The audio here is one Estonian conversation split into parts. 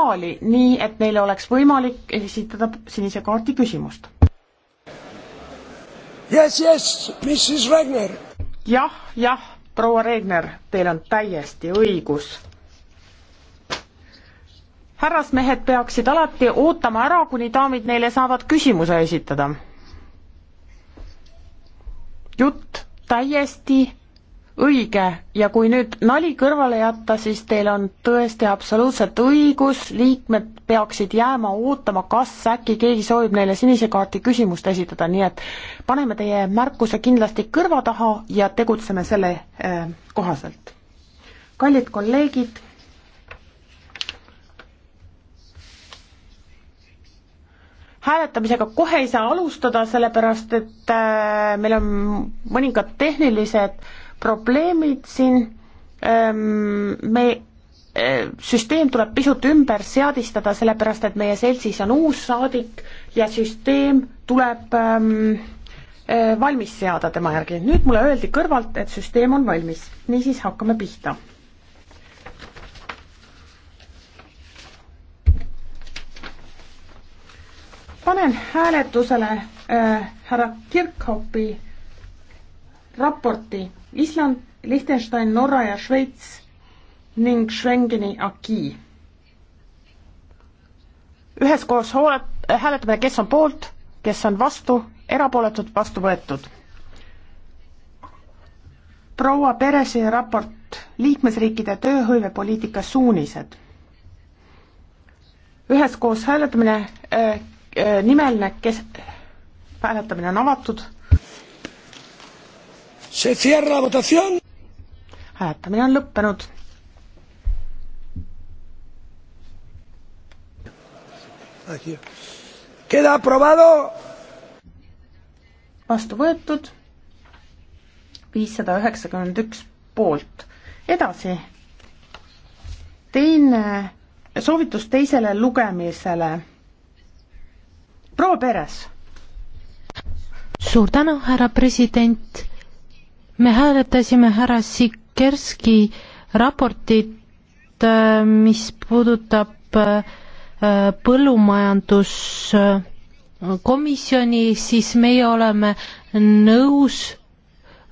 saali, nii et neile oleks võimalik esitada sinise kaardi küsimust. Yes, yes, Mrs Regner. jah, jah, proua Regner, teil on täiesti õigus. härrasmehed peaksid alati ootama ära, kuni daamid neile saavad küsimuse esitada. jutt täiesti õige ja kui nüüd nali kõrvale jätta, siis teil on tõesti absoluutselt õigus, liikmed peaksid jääma ootama, kas äkki keegi soovib neile sinise kaarti küsimust esitada, nii et paneme teie märkuse kindlasti kõrva taha ja tegutseme selle eh, kohaselt. kallid kolleegid, hääletamisega kohe ei saa alustada, sellepärast et eh, meil on mõningad tehnilised probleemid siin, ähm, me, äh, süsteem tuleb pisut ümber seadistada, sellepärast et meie seltsis on uus saadik ja süsteem tuleb ähm, äh, valmis seada tema järgi. nüüd mulle öeldi kõrvalt, et süsteem on valmis, niisiis hakkame pihta panen hääletusele äh, härra Kirkhoppi raporti Island, Liechtenstein, Norra ja Šveits ning Schengeni aki. üheskoos äh, hääletame, kes on poolt, kes on vastu, erapooletud, vastu võetud. proua Peresi raport liikmesriikide tööhõivepoliitika suunised. üheskoos hääletamine äh,, äh, nimeline, kes, hääletamine on avatud hääletamine on lõppenud. vastu võetud viissada üheksakümmend üks poolt. edasi, teine soovitus teisele lugemisele. proua Peres. suur tänu, härra president me hääletasime härra Sikerski raportit, äh, mis puudutab äh, põllumajanduskomisjoni, siis meie oleme nõus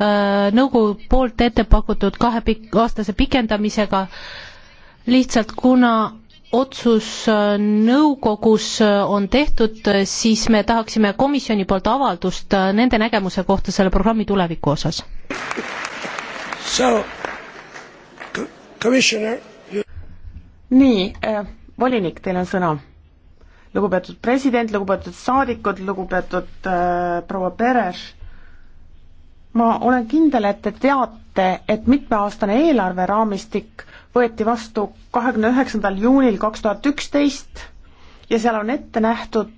äh, nõukogu poolt ette pakutud kahe pik-, aastase pikendamisega, lihtsalt kuna otsus äh, nõukogus äh, on tehtud, äh, siis me tahaksime komisjoni poolt avaldust nende nägemuse kohta selle programmi tuleviku osas. You... nii äh,, volinik, teil on sõna. lugupeetud president, lugupeetud saadikud, lugupeetud äh, proua Peres, ma olen kindel, et te teate, et mitmeaastane eelarveraamistik võeti vastu kahekümne üheksandal juunil kaks tuhat üksteist ja seal on ette nähtud,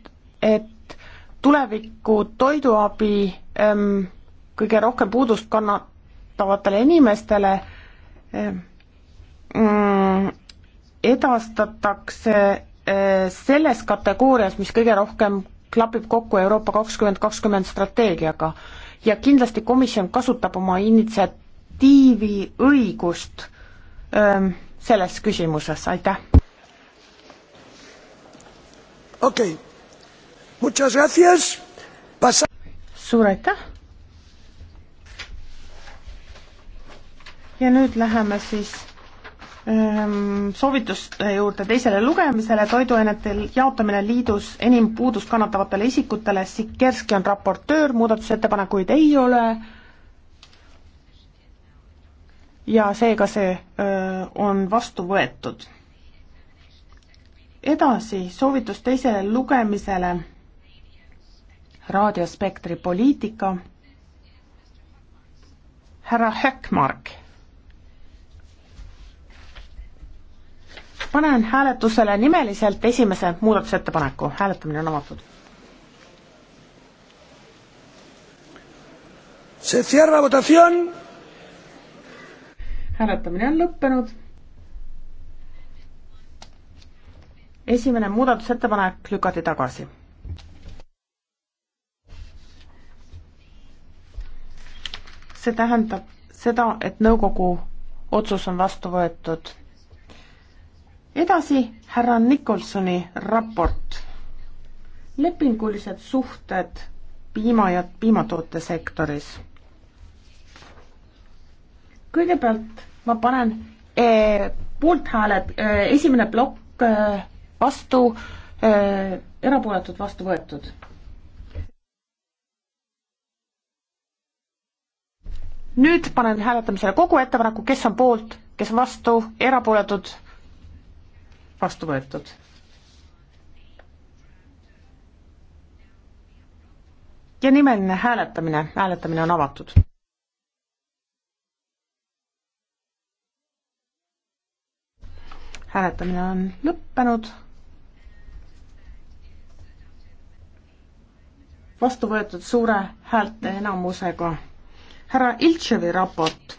et tuleviku toiduabi ähm, kõige rohkem puudust kannatavatele inimestele ähm, mm, edastatakse äh, selles kategoorias, mis kõige rohkem klapib kokku Euroopa kakskümmend kakskümmend strateegiaga. ja kindlasti komisjon kasutab oma initsiatiivi õigust äh, selles küsimuses, aitäh. okei okay., muchas gracias Pasa.... suur aitäh. ja nüüd läheme siis soovituste juurde teisele lugemisele, toiduainete jaotamine liidus enim puudust kannatavatele isikutele, Sikerski on raportöör, muudatusettepanekuid ei ole ja seega see öö, on vastu võetud. edasi soovitus teisele lugemisele raadiospektri poliitika. härra Höckmark. panen hääletusele nimeliselt esimese muudatusettepaneku, hääletamine on avatud. Se cierra votación hääletamine on lõppenud. esimene muudatusettepanek lükati tagasi. see tähendab seda, et nõukogu otsus on vastu võetud. edasi härra Nikolsoni raport. lepingulised suhted piima ja piimatootesektoris kõigepealt ma panen eh, poolthääled eh,, esimene plokk eh, vastu eh,, erapooletud vastu võetud. nüüd panen hääletamisele kogu ettepaneku, kes on poolt, kes on vastu, erapooletud, vastu võetud. ja nimeline hääletamine, hääletamine on avatud. hääletamine on lõppenud. vastu võetud suure häälte enamusega. härra Iltševi raport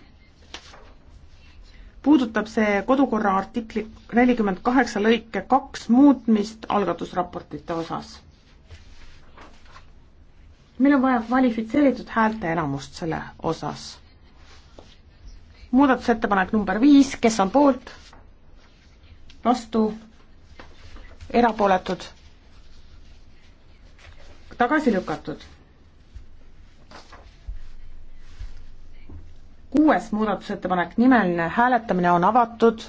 puudutab see kodukorra artikli nelikümmend kaheksa lõike kaks muutmist algatusraportite osas. meil on vaja kvalifitseeritud häälte enamust selle osas. muudatusettepanek number viis, kes on poolt? vastu, erapooletud, tagasi lükatud. kuues muudatusettepanek, nimeline hääletamine on avatud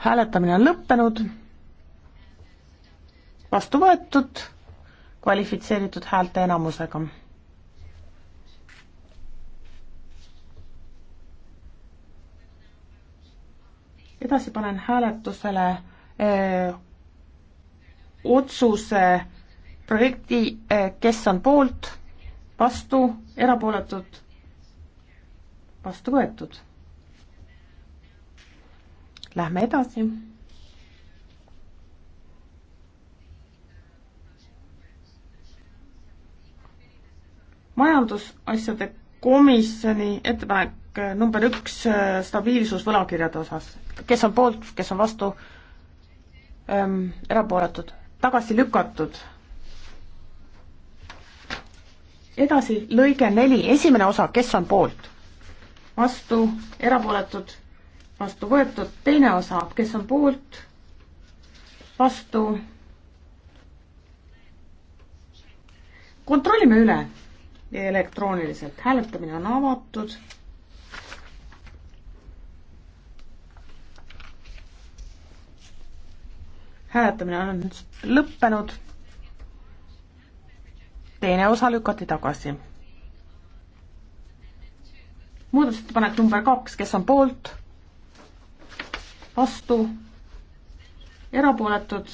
hääletamine on lõppenud, vastu võetud kvalifitseeritud häälte enamusega. edasi panen hääletusele öö, eh, otsuse projekti, eh, kes on poolt, vastu, erapooletud, vastu võetud. Lähme edasi majandusasjade komisjoni ettepanek eh, number üks eh, stabiilsus võlakirjade osas. kes on poolt, kes on vastu ähm,, erapooletud, tagasi lükatud. edasi lõige neli, esimene osa, kes on poolt? vastu, erapooletud, vastu võetud, teine osa, kes on poolt? vastu. kontrollime üle elektrooniliselt. hääletamine on avatud. hääletamine on lõppenud. teine osa lükati tagasi. muudatusettepanek number kaks, kes on poolt, vastu, erapooletud,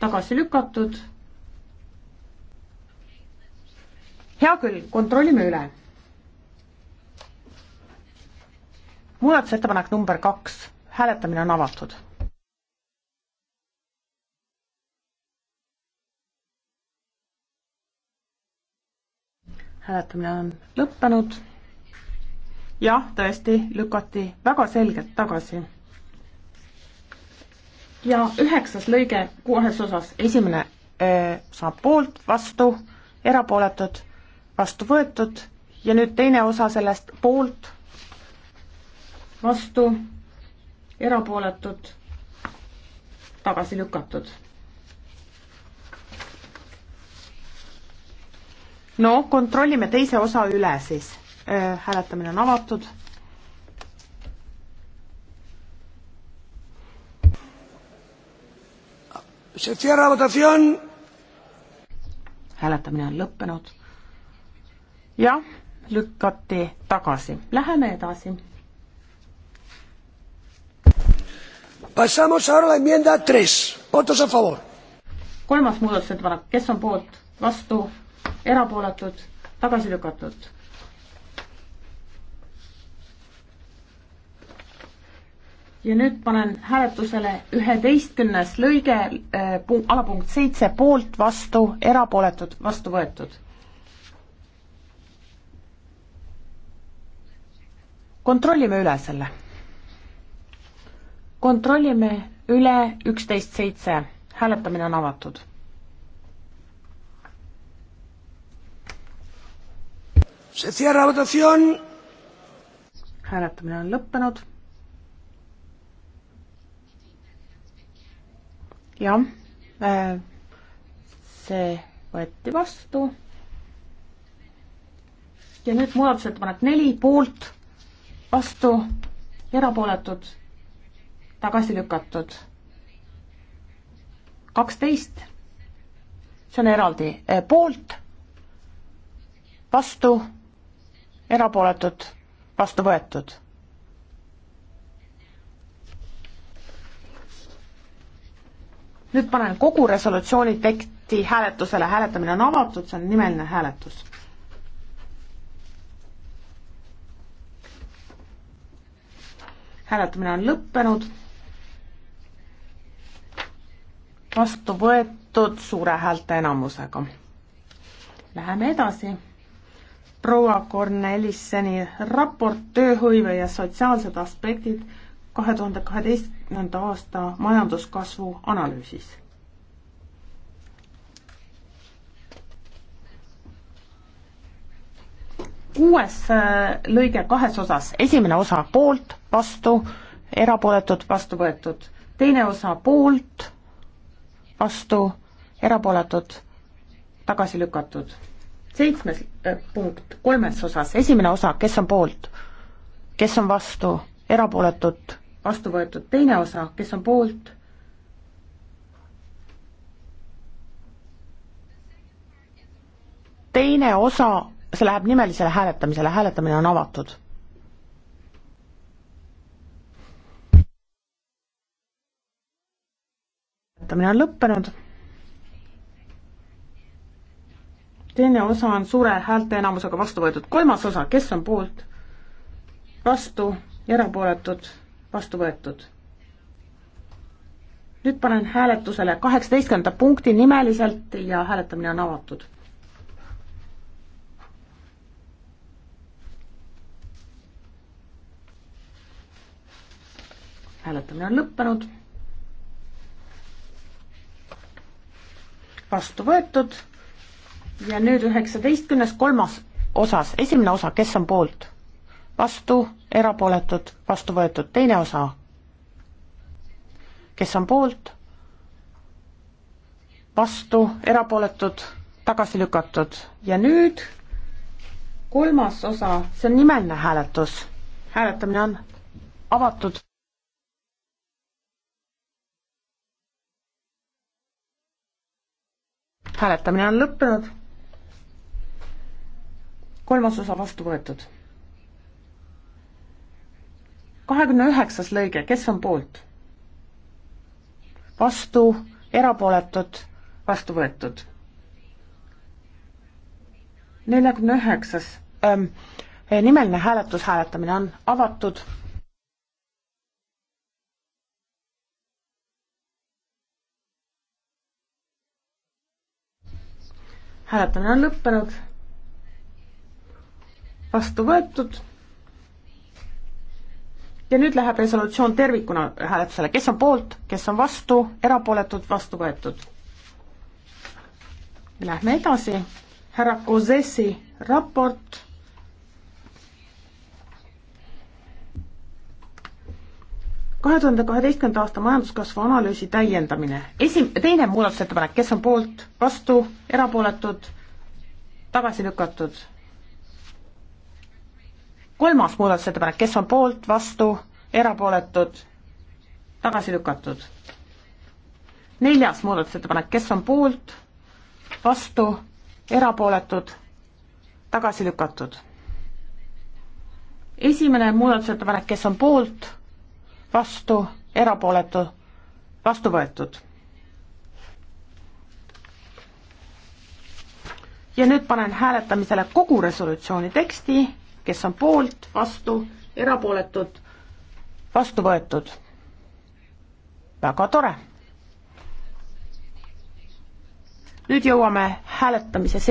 tagasi lükatud hea küll, kontrollime üle. muudatusettepanek number kaks, hääletamine on avatud. hääletamine on lõppenud. jah, tõesti, lükati väga selgelt tagasi. ja üheksas lõige kuues osas, esimene öö, äh, saab poolt, vastu, erapooletud vastu võetud ja nüüd teine osa sellest poolt, vastu, erapooletud, tagasi lükatud. no kontrollime teise osa üle siis. Äh, hääletamine on avatud. hääletamine on lõppenud jah, lükati tagasi. Läheme edasi. Pasamos ahora la enmienda tres, votos a favor. kolmas muudatusettepanek, kes on poolt, vastu, erapooletud, tagasi lükatud. ja nüüd panen hääletusele üheteistkümnes lõige äh,, alapunkt seitse, poolt, vastu, erapooletud, vastu võetud kontrollime üle selle. kontrollime üle üksteist seitse, hääletamine on avatud. hääletamine on lõppenud. jah, äh, see võeti vastu. ja nüüd muudatusettepanek neli poolt vastu, erapooletud, tagasi lükatud. kaksteist, see on eraldi, eh, poolt, vastu, erapooletud, vastu võetud nüüd panen kogu resolutsiooni teksti hääletusele, hääletamine on avatud, see on nimeline hääletus hääletamine on lõppenud. vastu võetud suure häälteenamusega. Läheme edasi. proua Kornelisseni raport Tööhõive ja sotsiaalsed aspektid kahe tuhande kaheteistkümnenda aasta majanduskasvu analüüsis kuues äh, lõige kahes osas, esimene osa poolt, vastu, erapooletud, vastu võetud, teine osa poolt, vastu, erapooletud, tagasi lükatud. seitsmes äh, punkt kolmes osas, esimene osa, kes on poolt, kes on vastu, erapooletud, vastu võetud, teine osa, kes on poolt, teine osa see läheb nimelisele hääletamisele, hääletamine on avatud. hääletamine on lõppenud. teine osa on suure häälteenamusega vastu võetud, kolmas osa, kes on poolt, vastu, erapooletud, vastu võetud nüüd panen hääletusele kaheksateistkümnenda punkti nimeliselt ja hääletamine on avatud hääletamine on lõppenud. vastu võetud ja nüüd üheksateistkümnes kolmas osas, esimene osa, kes on poolt? vastu, erapooletud, vastu võetud, teine osa. kes on poolt? vastu, erapooletud, tagasi lükatud ja nüüd kolmas osa, see on nimeline hääletus. hääletamine on avatud. hääletamine on lõppenud. kolmas osa vastu võetud. kahekümne üheksas lõige, kes on poolt? vastu, erapooletud, vastu võetud. neljakümne üheksas ähm, nimeline hääletus, hääletamine on avatud hääletamine on lõppenud. vastu võetud. ja nüüd läheb resolutsioon tervikuna hääletusele, kes on poolt, kes on vastu, erapooletud, vastu võetud. Lähme edasi, härra Kozessi raport kahe tuhande kaheteistkümnenda aasta majanduskasvu analüüsi täiendamine. esi-, teine muudatusettepanek, kes on poolt, vastu, erapooletud, tagasi lükatud. kolmas muudatusettepanek, kes on poolt, vastu, erapooletud, tagasi lükatud. neljas muudatusettepanek, kes on poolt, vastu, erapooletud, tagasi lükatud. esimene muudatusettepanek, kes on poolt, vastu, erapooletu, vastu võetud. ja nüüd panen hääletamisele kogu resolutsiooni teksti, kes on poolt, vastu, erapooletud, vastu võetud. väga tore. nüüd jõuame hääletamise